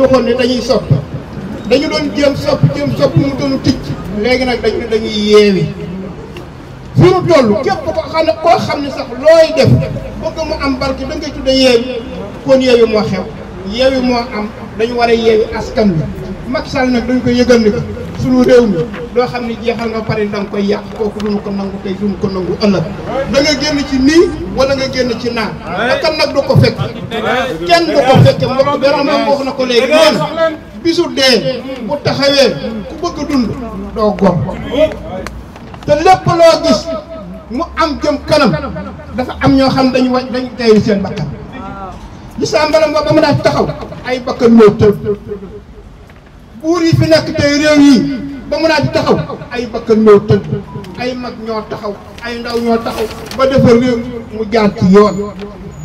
dañu waxoon ne dañuy sopp dañu doon jéem sopp jéem sopp mu doonu ticc léegi nag dañu dañuy yeewi fi mu toll képp ko xam ne koo xam ne sax looy def bëgg mu am barke da ngay tudde yeewi kon yeewi moo xew yeewi moo am dañu war a yeewi askan bi Macky Sall nag dañu ko yëgal ni suñu réew mi loo xam ne jeexal nga pare da nga koy yàq kooku duñu ko nangu tey duñu ko nangu ëllëg da génn ci nii wala nga génn ci naan akam nag du ko fekk kenn du ko fekke mbokk benn moom wax na ko léegi neen bisu dee bu taxawee ku bëgg dund doo gor te lépp loo gis mu am jëm kanam dafa am ñoo xam dañu wa dañu tayri seen bakkan lisaa mbalam ba ba mu daan taxaw ay bakkan ñëw tëb buur yi fi nekk tey réew yi ba mu naa taxaw ay bakkan tëdd ay mag ñoo taxaw ay ndaw ñoo taxaw ba defar réew mu jaar ci yoon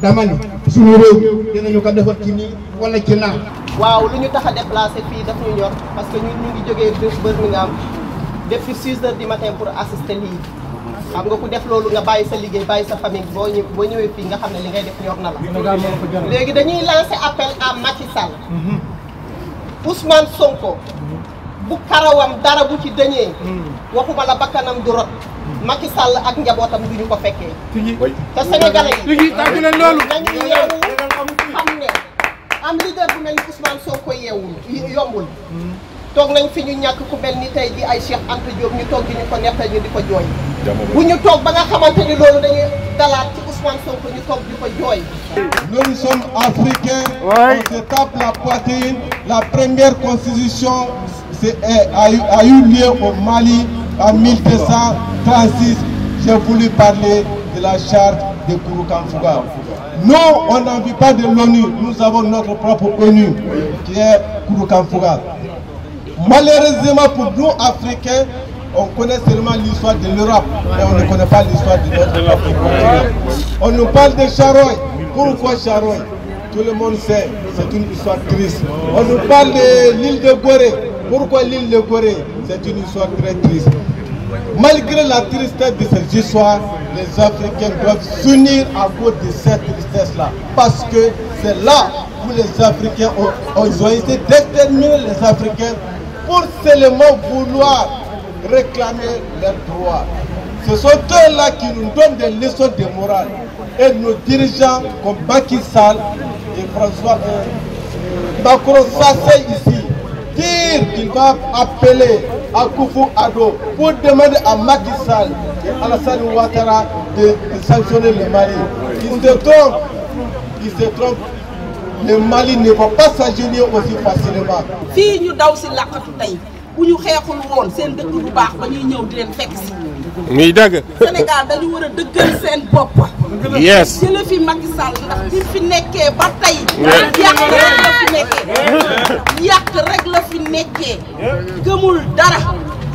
dama ne suñu réew dinañu ko defar ci nii wala ci naan waaw lu ñu tax a déplacé fii daf ñu ñor parce que ñun ñu ngi jógee bés Birmingham depuis 6 heures du matin pour assister lii xam nga ku def loolu nga bàyyi sa liggéey bàyyi sa famille boo ñëw boo ñëwee fii nga xam ne li ngay def ñor na la léegi dañuy lancé appel à Macky Ousmane Sonko mhm. bu karawam dara bu ci dëñee mhm. waxuma la bakkanam du rot mhm. Macky Sall ak njabootam du ñu ko fekkee te sénégalais yi nañu yeewu xam ne am leader bu mel ni Ousmane Sonko yeewu yombul toog nañ fi ñu ñàkk ku mel ni tey ji ay Cheikh Anta Diop ñu toog di ñu ko nettali ñu di ko jooy bu ñu toog ba nga xamante ni loolu dañuy dalaat nous sommes africains. on se tape la poitrine la première constitution c'est eh, a eu lieu au Mali en 1236 j'ai voulu parler de la charte de Kouroukanfouga. Nous on n'en vit pas de l'ONU. Nous avons notre propre ONU, qui est Kouroukanfouga. Malheureusement pour nous, Africains, on connaît seulement l'histoire de l'Europe, et on ne connaît pas l'histoire de notre On nous parle de Charoy. Pourquoi Charoy Tout le monde sait, c'est une histoire triste. On nous parle de l'île de Gorée. Pourquoi l'île de Gorée C'est une histoire très triste. Malgré la tristesse de cette histoire, les Africains doivent s'unir à cause de cette tristesse-là. Parce que c'est là où les Africains ont, ont, ont déterminer les Africains pour seulement vouloir réclamer leurs droits. Ce sont eux-là qui nous donnent des leçons de morale. Et nos dirigeants comme Macky Sall et François euh, euh Macron s'asseyent ici, dire qu'ils va appeler à Koufou Ado pour demander à Macky Sall et Alassane Ouattara de, sanctionner le Mali. Ils se trompent. Ils se trompent. Le Mali ne va pas s'agir aussi facilement. bu ñu xeexul woon seen dëkk bu baax ba ñuy ñëw di leen fekk si. muy dëgg. Sénégal dañu war a dëggal seen bopp. yes jële fi Macky ndax bi fi nekkee ba tey. yàq rek la fi nekkee. gëmul dara.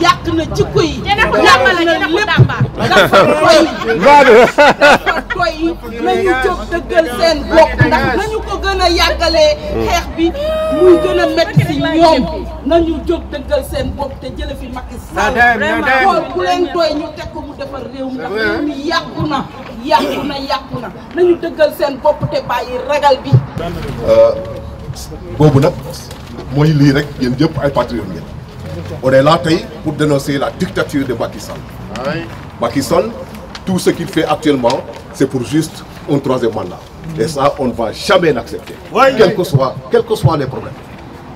yàq na jikko yi. yàq na lépp dafa doy. dafa doy nañu jóg dëggal seen bopp ndax nañu gëna a xex bi muy gëna a ci ñoom nañu jóg deugal seen bop té jël fi Macky Sall xool ku leen toy ñu teg ko mu defar réew mi ndax réew mi yàqu na nañu deugal seen bop té bayyi ragal bi euh, bobu nak moy li rek yéen jëpp ay patriotes ngeen on est là tay pour dénoncer la dictature de Macky Sall Macky Sall tout ce qu'il fait actuellement c'est pour juste un troisième mandat et ça, on ne va jamais l'accepter. Oui. Quels que soient quel que soit les problèmes.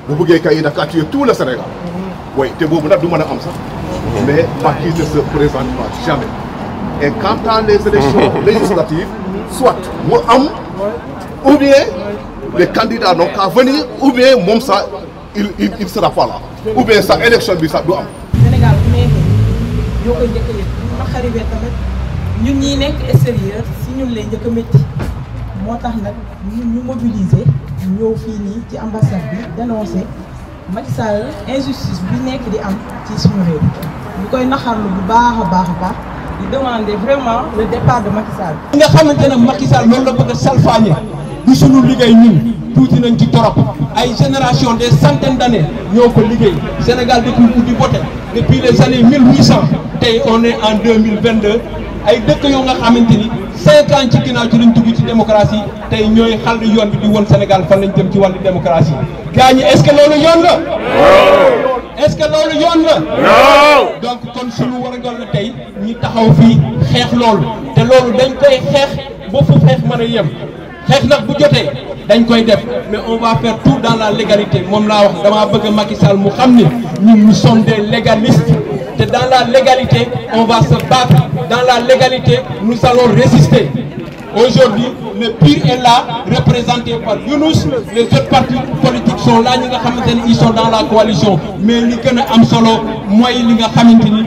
Vous voulez qu'il y ait tout le Sénégal. Mhm. Oui, tu vous avez comme ça. Mais Macky ne se pas, jamais. Et quant à les élections législatives, soit moi ou bien les candidats n'ont qu'à venir, ou bien mon ça, il ne sera pas là. Ou bien ça, élection, ça doit Sénégal, ñoo koy njëkk a yëg bu ma ñun ñii extérieur si ñun lay njëkk a motax nak ñu ñu mobiliser ñëw fii nii ci ambassade bi dénoncer Macky Sall injustice bi nekk di am ci suñu réew bu koy naxarlu bu baaxa baaxa baax di demander vraiment le départ de Macky Sall. nga xamante Macky Sall loolu la bëgg salfañé salfaañe du suñu liggéey ñun tuuti nañ ci torop ay génération des centaines d'années ñoo ko liggéey Sénégal depuis bu di bote depuis les années 1800 tey on est en 2022 ay dëkk yoo nga xamante ni ans ci ginnaaw ci lañ dugg ci démocratie tey ñooy xàll yon bi di woon Sénégal fan lañ jëm ci wàllu démocratie gaa est-ce que loolu yoon la est-ce que loolu yoon Non! donc kon suñu war a goon la tey ñi taxaw fii xeex loolu te loolu dañ koy xeex ba fu xeex mën a mais on va faire tout dans la légalité nous sommes des légalistes dans la légalité on va se battre dans la légalité nous allons résister aujourd'hui le pire est là représenté par Yunus les autres partis politiques sont là ils sont dans la coalition mais li gën am solo li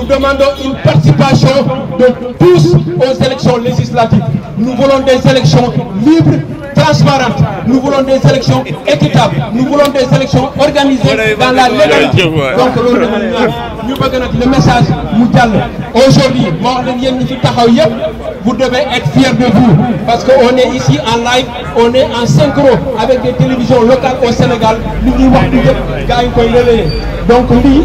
nous demandons une participation de tous aux élections législatives. Nous voulons des élections libres, transparentes. Nous voulons des élections équitables. Nous voulons des élections organisées dans la légalité. Donc, le message Aujourd'hui, vous devez être fiers de vous parce qu'on est ici en live, on est en synchro avec les télévisions locales au Sénégal. Donc, nous,